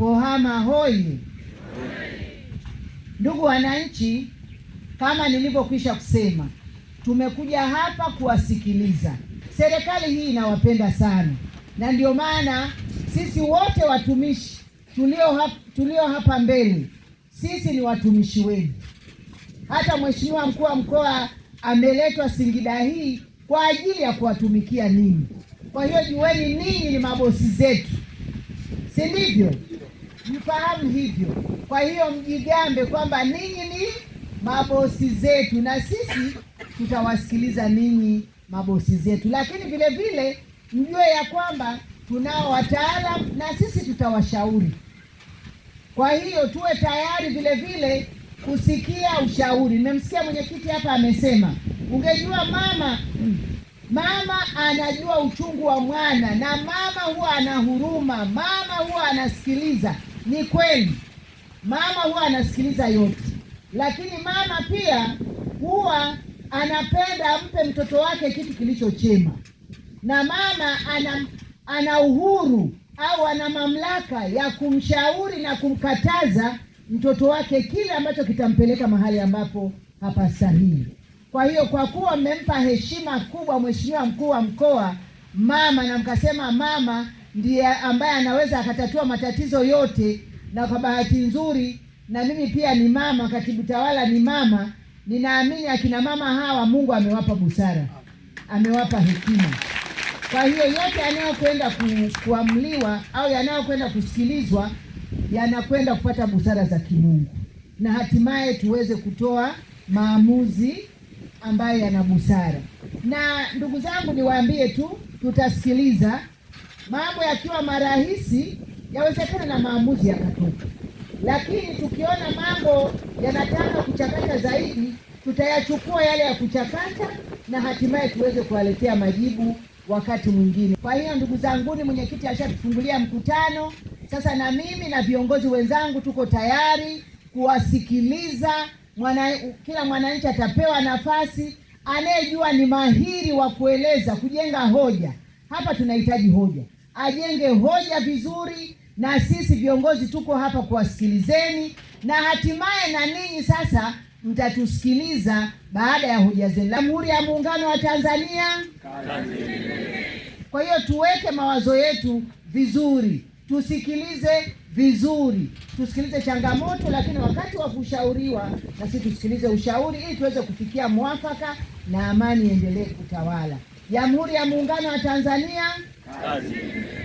Pohama hoi! Ndugu wananchi, kama nilivyokwisha kusema, tumekuja hapa kuwasikiliza. Serikali hii inawapenda sana, na ndio maana sisi wote watumishi tulio hapa, tulio hapa mbele, sisi ni watumishi wenu. Hata mheshimiwa mkuu wa mkoa ameletwa Singida hii kwa ajili ya kuwatumikia ninyi. Kwa hiyo jueni, ninyi ni mabosi zetu, si ndivyo? mfahamu hivyo. Kwa hiyo mjigambe kwamba ninyi ni mabosi zetu, na sisi tutawasikiliza ninyi mabosi zetu, lakini vile vile mjue ya kwamba tunao wataalam na sisi tutawashauri. Kwa hiyo tuwe tayari vile vile kusikia ushauri. Nimemsikia mwenyekiti hapa amesema, ungejua mama mama anajua uchungu wa mwana, na mama huwa ana huruma, mama huwa anasikiliza. Ni kweli mama huwa anasikiliza yote, lakini mama pia huwa anapenda ampe mtoto wake kitu kilicho chema, na mama ana, ana uhuru au ana mamlaka ya kumshauri na kumkataza mtoto wake kile ambacho kitampeleka mahali ambapo sahihi. Kwa hiyo kwa kuwa mmempa heshima kubwa Mheshimiwa Mkuu wa Mkoa mama na mkasema mama ndiye ambaye anaweza akatatua matatizo yote, na kwa bahati nzuri na mimi pia ni mama, katibu tawala ni mama, ninaamini akina mama hawa Mungu amewapa busara, amewapa hekima. Kwa hiyo yote yanayokwenda ku, kuamliwa au yanayokwenda kusikilizwa yanakwenda kupata busara za kimungu na hatimaye tuweze kutoa maamuzi ambayo yana busara. Na ndugu zangu, niwaambie tu, tutasikiliza Mambo yakiwa marahisi, yawezekana na maamuzi yanatoka, lakini tukiona mambo yanataka kuchakata zaidi, tutayachukua yale ya kuchakata na hatimaye tuweze kuwaletea majibu wakati mwingine. Kwa hiyo, ndugu zanguni, mwenyekiti ashatufungulia mkutano sasa, na mimi na viongozi wenzangu tuko tayari kuwasikiliza mwana, kila mwananchi atapewa nafasi. Anayejua ni mahiri wa kueleza, kujenga hoja. Hapa tunahitaji hoja ajenge hoja vizuri, na sisi viongozi tuko hapa kuwasikilizeni, na hatimaye na ninyi sasa mtatusikiliza baada ya hoja zenu. Jamhuri ya Muungano wa Tanzania. Kwa hiyo tuweke mawazo yetu vizuri, tusikilize vizuri, tusikilize changamoto, lakini wakati wa kushauriwa na sisi tusikilize ushauri ili tuweze kufikia mwafaka na amani iendelee kutawala Jamhuri ya Muungano wa Tanzania. Casimiro.